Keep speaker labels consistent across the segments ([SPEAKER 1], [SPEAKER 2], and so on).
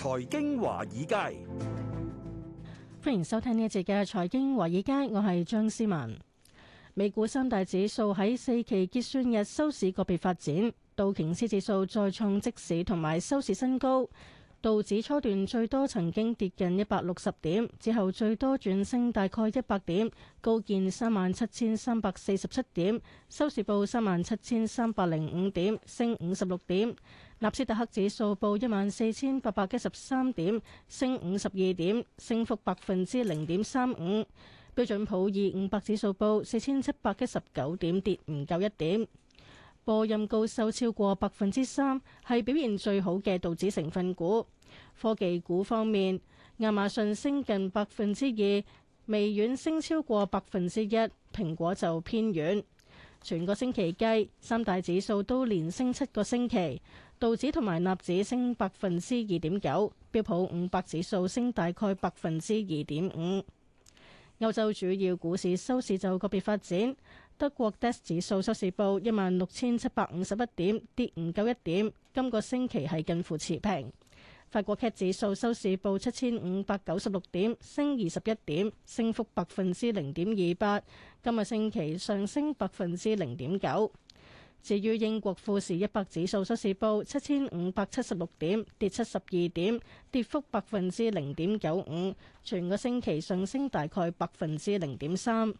[SPEAKER 1] 財經華爾街，
[SPEAKER 2] 歡迎收聽呢一節嘅財經華爾街，我係張思文。美股三大指數喺四期結算日收市個別發展，道瓊斯指數再創即市同埋收市新高。道指初段最多曾經跌近一百六十點，之後最多轉升大概一百點，高見三萬七千三百四十七點，收市報三萬七千三百零五點，升五十六點。納斯達克指數報一萬四千八百一十三點，升五十二點，升幅百分之零點三五。標準普爾五百指數報四千七百一十九點，跌唔夠一點。波音高收超過百分之三，係表現最好嘅道指成分股。科技股方面，亞馬遜升近百分之二，微軟升超過百分之一，蘋果就偏軟。全個星期計，三大指數都連升七個星期，道指同埋納指升百分之二點九，標普五百指數升大概百分之二點五。歐洲主要股市收市就個別發展，德國 DAX 指數收市報一萬六千七百五十一點，跌唔夠一點，今個星期係近乎持平。法國 CAC 指數收市報七千五百九十六點，升二十一點，升幅百分之零點二八。今個星期上升百分之零點九。至於英國富時一百指數收市報七千五百七十六點，跌七十二點，跌幅百分之零點九五。全個星期上升大概百分之零點三。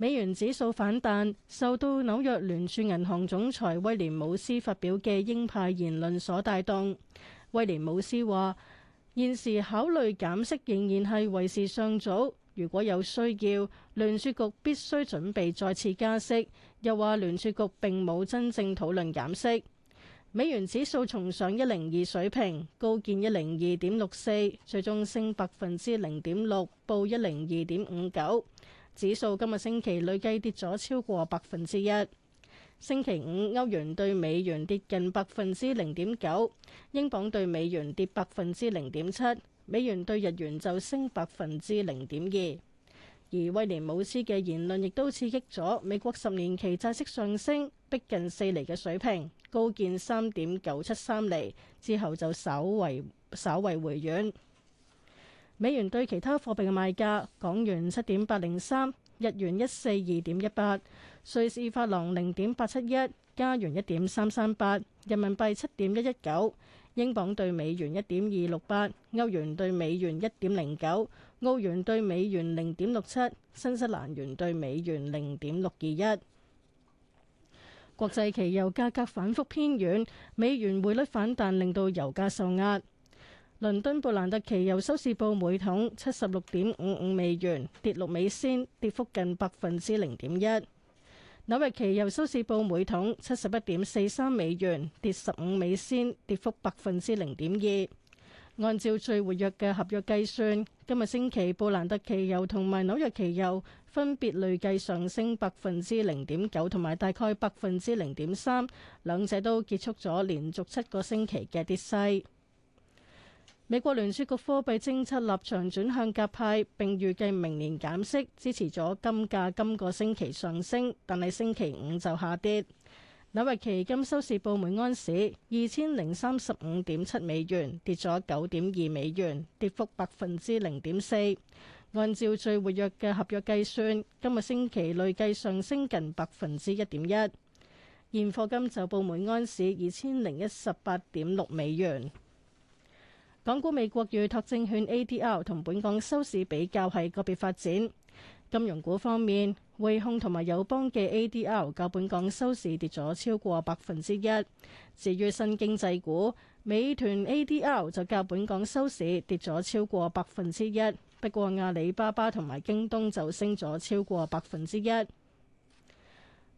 [SPEAKER 2] 美元指數反彈，受到紐約聯儲銀行總裁威廉姆斯發表嘅鷹派言論所帶動，威廉姆斯話現時考慮減息仍然係為時尚早，如果有需要，聯儲局必須準備再次加息。又話聯儲局並冇真正討論減息。美元指數重上一零二水平，高見一零二點六四，最終升百分之零點六，報一零二點五九。指數今個星期累計跌咗超過百分之一。星期五，歐元對美元跌近百分之零點九，英鎊對美元跌百分之零點七，美元對日元就升百分之零點二。而威廉姆斯嘅言論亦都刺激咗美國十年期債息上升，逼近四厘嘅水平，高見三點九七三厘，之後就稍為稍為回軟。美元兌其他貨幣嘅賣價：港元七點八零三，日元一四二點一八，瑞士法郎零點八七一，加元一點三三八，人民幣七點一一九，英鎊對美元一點二六八，歐元對美元一點零九，澳元對美元零點六七，新西蘭元對美元零點六二一。國際期油價格反覆偏軟，美元匯率反彈令到油價受壓。倫敦布蘭特期油收市報每桶七十六點五五美元，跌六美仙，跌幅近百分之零點一。紐約期油收市報每桶七十一點四三美元，跌十五美仙，跌幅百分之零點二。按照最活躍嘅合約計算，今日星期布蘭特期油同埋紐約期油分別累計上升百分之零點九同埋大概百分之零點三，兩者都結束咗連續七個星期嘅跌勢。美國聯儲局貨幣政策立場轉向鴿派，並預計明年減息，支持咗金價今個星期上升，但係星期五就下跌。紐約期金收市報每安士二千零三十五點七美元，跌咗九點二美元，跌幅百分之零點四。按照最活躍嘅合約計算，今個星期累計上升近百分之一點一。現貨金就報每安士二千零一十八點六美元。港股美國預託證券 A D R 同本港收市比較係個別發展。金融股方面，匯控同埋友邦嘅 A D R 較本港收市跌咗超過百分之一。至於新經濟股，美團 A D R 就較本港收市跌咗超過百分之一。不過阿里巴巴同埋京東就升咗超過百分之一。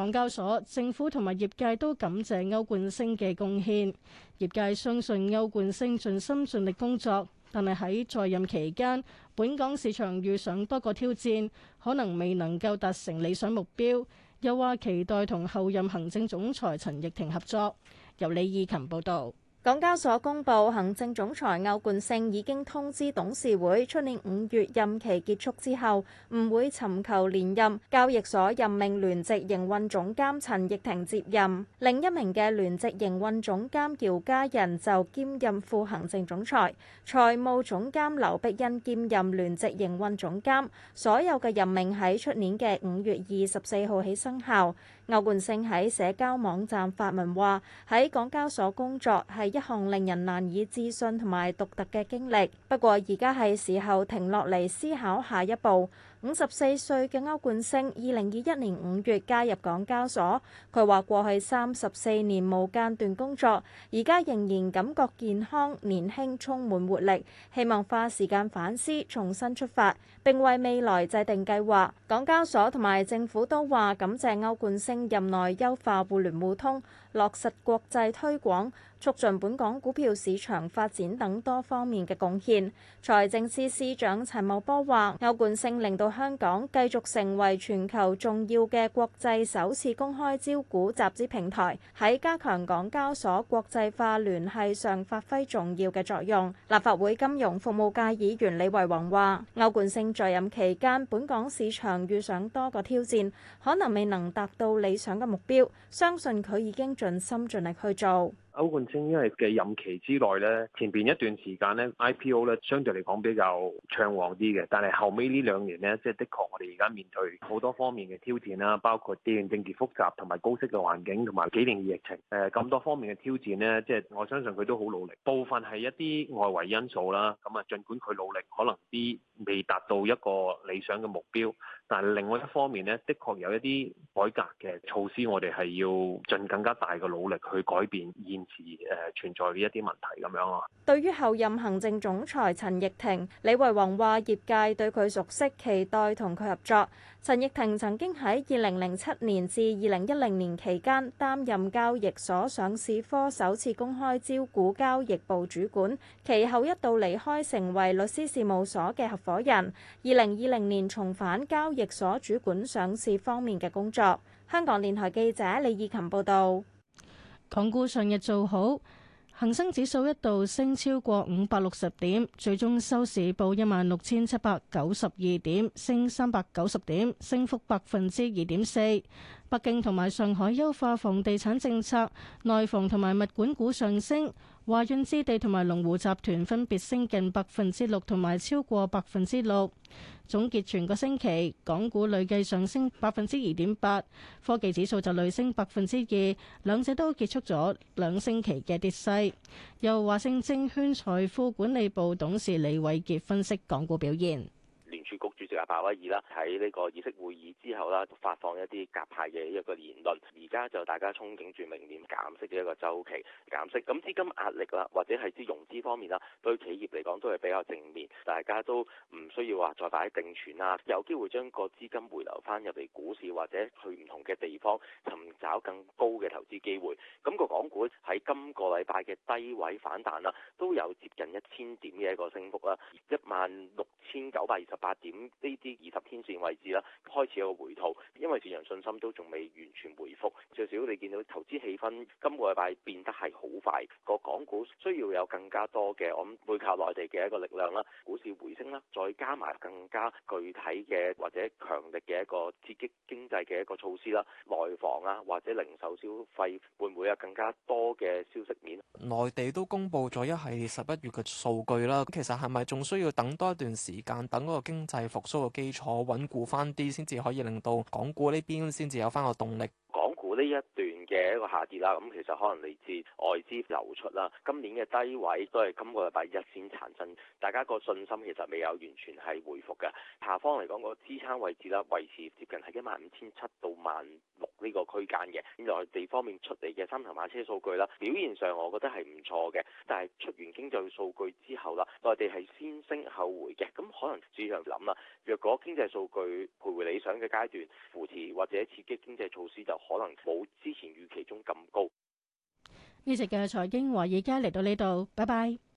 [SPEAKER 2] 港交所、政府同埋業界都感謝歐冠星嘅貢獻，業界相信歐冠星盡心盡力工作，但係喺在，在任期間本港市場遇上多個挑戰，可能未能夠達成理想目標，又話期待同候任行政總裁陳逸婷合作。由李
[SPEAKER 3] 意琴報道。港交所公布行政總裁歐冠勝已經通知董事會，出年五月任期結束之後唔會尋求連任。交易所任命聯席營運總監陳翊庭接任，另一名嘅聯席營運總監姚嘉仁就兼任副行政總裁，財務總監劉碧欣兼任聯席營運總監。所有嘅任命喺出年嘅五月二十四號起生效。歐冠勝喺社交網站發文話：喺港交所工作係一項令人難以置信同埋獨特嘅經歷。不過而家係時候停落嚟思考下一步。五十四歲嘅歐冠昇，二零二一年五月加入港交所。佢話過去三十四年冇間斷工作，而家仍然感覺健康年輕，充滿活力。希望花時間反思，重新出發，並為未來制定計劃。港交所同埋政府都話感謝歐冠昇任內優化互聯互通、落實國際推廣、促進本港股票市場發展等多方面嘅貢獻。財政司司長陳茂波話：歐冠昇令到香港繼續成為全球重要嘅國際首次公開招股集資平台，喺加強港交所國際化聯繫上發揮重要嘅作用。立法會金融服務界議員李惟宏話，歐冠昇在任期間，本港市場遇上多個挑戰，可能未能達到理想嘅目標，相信佢已經盡心盡力去做。
[SPEAKER 1] 歐冠青因為嘅任期之內咧，前邊一段時間咧 IPO 咧相對嚟講比較暢旺啲嘅，但係後尾呢兩年咧，即係的確我哋而家面對好多方面嘅挑戰啦，包括啲政治複雜同埋高息嘅環境，同埋幾年疫情，誒咁多方面嘅挑戰咧，即係我相信佢都好努力。部分係一啲外圍因素啦，咁啊，儘管佢努力，可能啲未達到一個理想嘅目標。但係另外一方面咧，的確有一啲改革嘅措施，我哋係要盡更加大嘅努力去改變現時誒存在呢一啲問題咁樣咯。
[SPEAKER 3] 對於候任行政總裁陳翊庭，李惠恆話業界對佢熟悉，期待同佢合作。陳翊庭曾經喺二零零七年至二零一零年期間擔任交易所上市科首次公開招股交易部主管，其後一度離開成為律師事務所嘅合夥人。二零二零年重返交易。亦所主管上市方面嘅工作。香港電台記者李以琴報道。港股上日做
[SPEAKER 2] 好，恒生指數一度升超過五百六十點，最終收市報一萬六千七百九十二點，升三百九十點，升幅百分之二點四。北京同埋上海優化房地產政策，內房同埋物管股上升。華潤置地同埋龍湖集團分別升近百分之六同埋超過百分之六。總結全個星期，港股累計上升百分之二點八，科技指數就累升百分之二，兩者都結束咗兩星期嘅跌勢。由華盛證券財富管理部董事李偉傑分析港股表現。
[SPEAKER 1] 鮑威爾啦，喺呢個議息會議之後啦，發放一啲鴿派嘅一個言論。而家就大家憧憬住明年減息嘅一個周期減息，咁資金壓力啦，或者係啲融資方面啦，對企業嚟講都係比較正面。大家都唔需要話再擺定存啦，有機會將個資金回流翻入嚟股市或者去唔同嘅地方尋找更高嘅投資機會。咁個港股喺今個禮拜嘅低位反彈啦，都有接近一千點嘅一個升幅啦，一萬六千九百二十八點，呢啲二十天線位置啦，開始有個回吐，因為市場信心都仲未完全回復，最少你見到投資氣氛今個禮拜變得係好快，個港股需要有更加多嘅，我諗會靠內地嘅一個力量啦，股市回升啦，再加埋更加具體嘅，或者強力嘅一個刺激經濟嘅一個措施啦，內房啊，或者零售消費會唔會有更加多嘅消息面？內地都公佈咗一系列十一月嘅數據啦，其實，係咪仲需要等多一段時。等嗰個經濟復甦嘅基礎穩固翻啲，先至可以令到港股呢邊先至有翻個動力。嘅一個下跌啦，咁其實可能嚟自外資流出啦。今年嘅低位都係今個禮拜一先產生，大家個信心其實未有完全係回復嘅。下方嚟講，個支撐位置啦，維持接近係一萬五千七到萬六呢個區間嘅。咁內地方面出嚟嘅三頭馬車數據啦，表現上我覺得係唔錯嘅，但係出完經濟數據之後啦，內地係先升後回嘅。咁可能主要係諗啦，若果經濟數據徘徊理想嘅階段，扶持或者刺激經濟措施就可能冇之前。預期中咁高。
[SPEAKER 2] 呢集嘅財經華爾街嚟到呢度，拜拜。